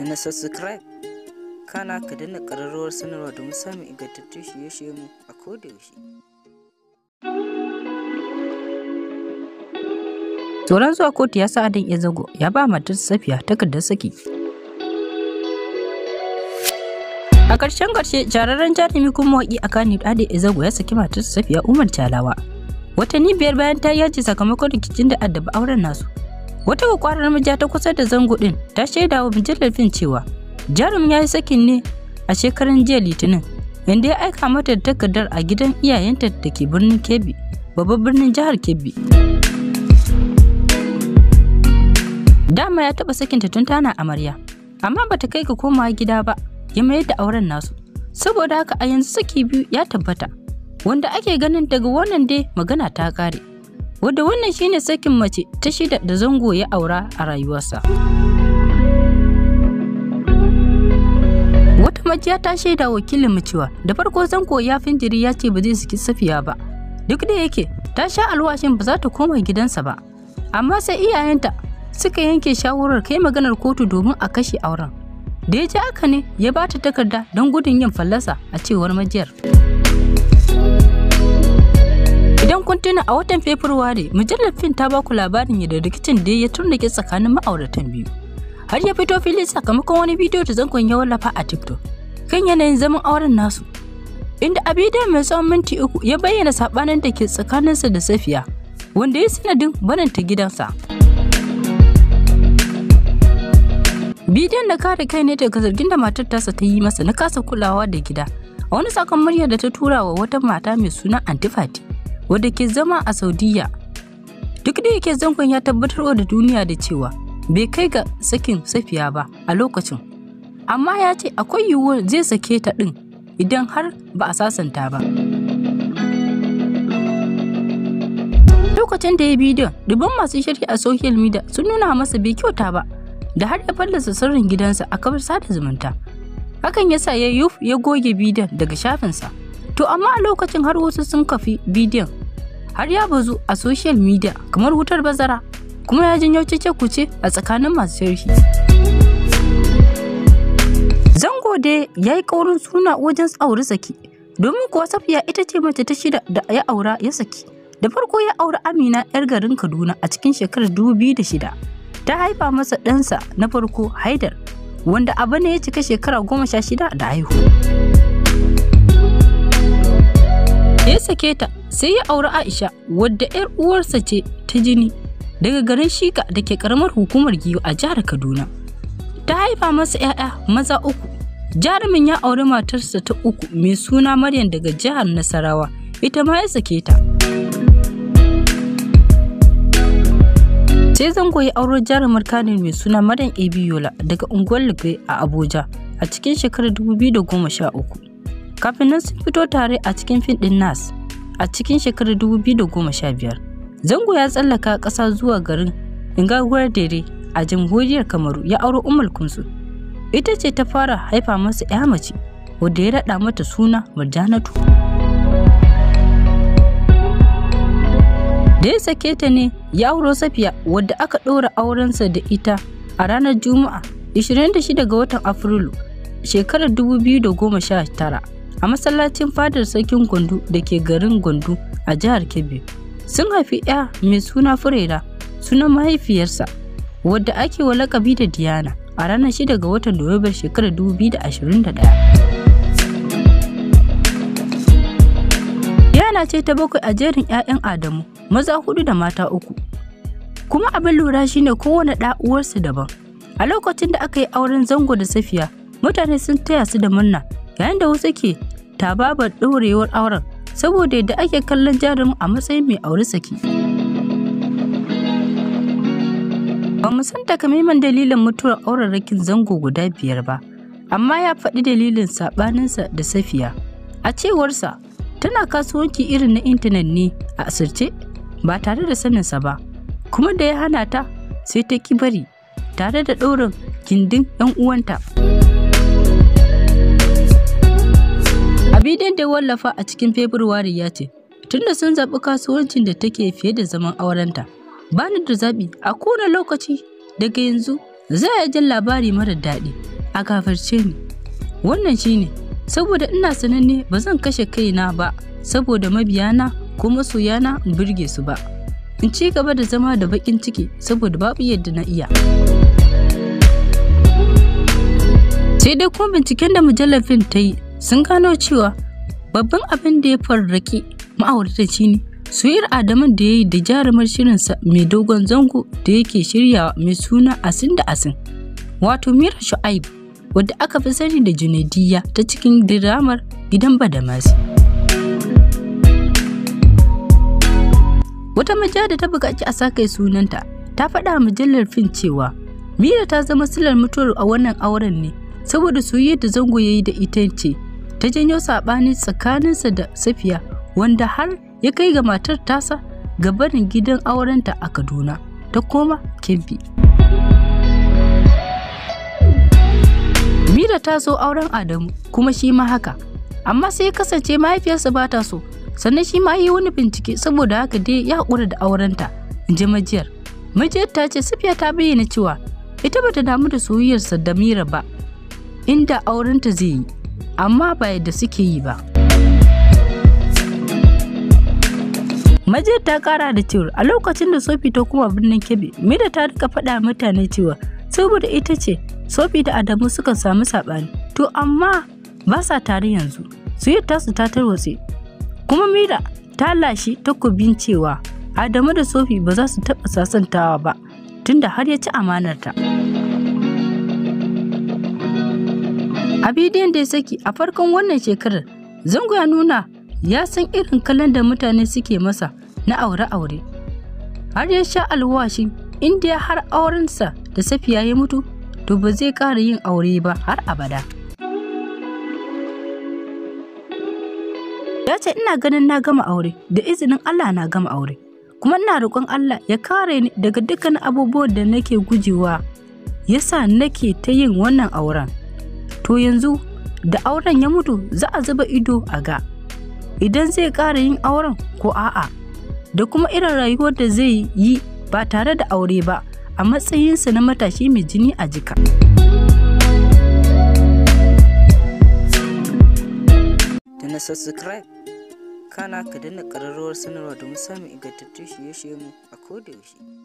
da na subscribe kana ka danna ƙararrawar sanarwa domin samun ingantattun shirye-shirye mu a kodayaushe. Tsoron zuwa kotu ya sa Adam Ezago ya ba matar Safiya takardar saki. A ƙarshen ƙarshe jararren jarumi kuma mawaƙi a Kano Adam Ezago ya saki matar Safiya Umar Talawa. Watanni biyar bayan ta yaji sakamakon rikicin da addaba auren nasu. Wata kwakwarar mija ta kusa da zango ɗin ta shaida wa mujallar fin cewa jarum ya yi sakin ne a shekaran jiya litinin inda ya aika mata da takardar a gidan iyayenta da ke birnin Kebbi, babban birnin jihar Kebbi. Dama ya taɓa sakinta tun tana amarya, amma bata kai ga komawa gida ba, ya mayar da auren nasu. Saboda haka a yanzu saki biyu ya tabbata, wanda ake ganin daga wannan dai magana ta kare wadda wannan shine sakin mace ta shida da zango ya aura a rayuwarsa. Wata majiya ta shaida wakilin mu cewa da farko zango ya finjiri ya ce ba zai saki safiya ba. Duk da yake ta sha alwashin ba za ta koma gidansa ba. Amma sai iyayenta suka yanke shawarar kai maganar kotu domin a kashe auren. Da ya ji haka ne ya ba ta takarda don gudun yin fallasa a cewar majiyar. Idan kun tuna a watan Fabrairu, mujallar fin ta baku labarin yadda rikicin da ya turnake tsakanin ma'auratan biyu. Har ya fito fili sakamakon wani bidiyo da zankon ya wallafa a TikTok kan yanayin zaman auren nasu. Inda a bidiyon mai tsawon minti uku ya bayyana saɓanin da ke tsakaninsa da Safiya, wanda ya sanadin bananta gidansa. Bidiyon da kare kai ne daga zargin da matar tasa ta yi masa na kasa kulawa da gida, a wani sakon murya da ta tura wa wata mata mai suna Antifati. wadda ke zama a Saudiya. Duk da yake zangon ya tabbatar da duniya da cewa bai kai ga sakin safiya ba a lokacin. Amma ya ce akwai yiwuwar zai sake ta ɗin idan har ba a sasanta ba. Lokacin da ya bidiyon, dubban masu shirya a social media sun nuna masa bai kyauta ba, da har ya fallasa sirrin gidansa a kafar sada zumunta. Hakan ya sa ya goge bidiyon daga shafinsa. To amma a lokacin har wasu sun kafi bidiyon har ya bazu a social media kamar wutar bazara kuma ya janyo cece kuce a tsakanin masu sharhi. Zango dai ya yi ƙaurin suna wajen tsauri saki domin kuwa safiya ita ce mace ta shida da ya aura ya saki. Da farko ya aura Amina 'yar garin Kaduna a cikin shekarar da shida, ta haifa masa ɗansa na farko Haidar wanda abu ne ya cika shekara goma sha shida da haihu. Ya sake ta sai ya auri Aisha wadda 'yar uwarsa ce ta jini daga garin Shika da ke karamar hukumar giyu a jihar Kaduna. Ta haifa masa 'ya'ya maza uku. Jarumin ya auri matarsa ta uku mai suna Maryam daga jihar Nasarawa, ita ma ya sake ta. Sai zan ya auren jarumar kanin mai suna Maryam Ebiola daga unguwar Lugai a Abuja a cikin shekarar 2013. Kafin nan sun fito tare a cikin fim ɗin Nas. a cikin shekarar 2015 zango ya tsallaka ƙasa zuwa garin ingaguwar dere a jamhuriyar kamaru ya auri umar kunsu ita ce ta fara haifa masa ya mace wadda ya raɗa mata suna marjanatu. da ya sake ta ne ya auro safiya wadda aka ɗora aurensa da ita a ranar juma'a 26 ga watan afrilu shekarar 2019 a masallacin fadar sarkin gwandu da ke garin gwandu a jihar kebbi sun haifi 'ya mai suna furera sunan mahaifiyarsa wadda ake wa lakabi da diana a ranar 6 ga watan nuwabar shekarar 2021 diana ce ta bakwai a jerin 'ya'yan adamu maza hudu da mata uku kuma abin lura shine kowane ɗa uwarsu daban a lokacin da aka yi auren zango da safiya mutane sun taya su da murna yayin da wasu ke ta babar ɗorewar auren saboda yadda ake kallon jarumin a matsayin mai aure saki. Ba mu san takamaiman dalilin mutuwar aurarrakin zango guda biyar ba, amma ya faɗi dalilin saɓaninsa da safiya. A cewarsa, tana kasuwanci irin na intanet ne a asirce ba tare da saninsa ba, kuma da ya hana ta sai ta ki bari tare da ɗorin gindin 'yan uwanta. bidiyon da wallafa a cikin Fabrairu ya ce, tunda sun zaɓi kasuwancin da take fiye da zaman aurenta. Ba ni da zaɓi a kowane lokaci daga yanzu za a jin labari mara daɗi a gafarce ni. Wannan shi ne saboda ina sananne ba zan kashe kaina ba saboda mabiyana ko masoyana in burge su ba. In ci gaba da zama da baƙin ciki saboda babu yadda na iya. Sai dai kuma binciken da mujallar fim ta yi sun gano cewa babban abin da ya farraki ma'auratan ne suyar Adamu da ya yi da jarumar shirinsa mai dogon zango da yake shiryawa mai suna asin da asin wato mira shu'aib wadda aka fi sani da Junaidiyya, ta cikin diramar idan ba da masu. wata maja da ta buƙaci a sakai sunanta ta faɗa mujallar fin cewa mira ta zama silar mutuwar a wannan auren ne saboda soyayyar da zango ya yi da ita ce ta janyo saɓani tsakaninsa da safiya wanda har ya kai ga matar tasa ga barin gidan aurenta a kaduna ta koma kebbi mira ta so auren adamu kuma shi ma haka amma sai ya kasance mahaifiyarsa ba ta so sannan shi ma yi wani bincike saboda haka dai ya haƙura da aurenta in ji majiyar majiyar ta ce safiya ta bayyana cewa ita bata damu da soyayyarsa da mira ba inda aurenta zai yi amma ba yadda suke yi ba maje ta kara da cewar a lokacin da sofi ta kuma birnin kebe mida ta rika faɗa mutane cewa saboda ita ce sofi da adamu suka samu saɓani to amma ba sa tare yanzu su tasu ta tarwatse kuma mida ta lashe takobin cewa adamu da sofi ba za su taɓa sasantawa ba tunda har ya ci amanarta. ta A bidiyon da ya saki a farkon wannan shekarar, Zango ya nuna ya san irin kallon da mutane suke masa na aure-aure. Har ya sha alwashi inda ya har aurensa da safiya ya mutu, to ba zai ƙara yin aure ba har abada. Ya ce ina ganin na gama aure, da izinin Allah na gama aure. Kuma ina roƙon Allah ya kare ni daga dukkan abubuwan da nake gujewa, yasa nake ta yin wannan auren. to yanzu da auren ya mutu za a zuba ido a ga idan zai ƙara yin auren ko a'a da kuma irin rayuwar da zai yi ba tare da aure ba a matsayinsa na matashi mai jini a jika. dana subscribe kana ka dana ƙararrawar sanarwa domin samun ingantattun shirye mu a kodayaushe.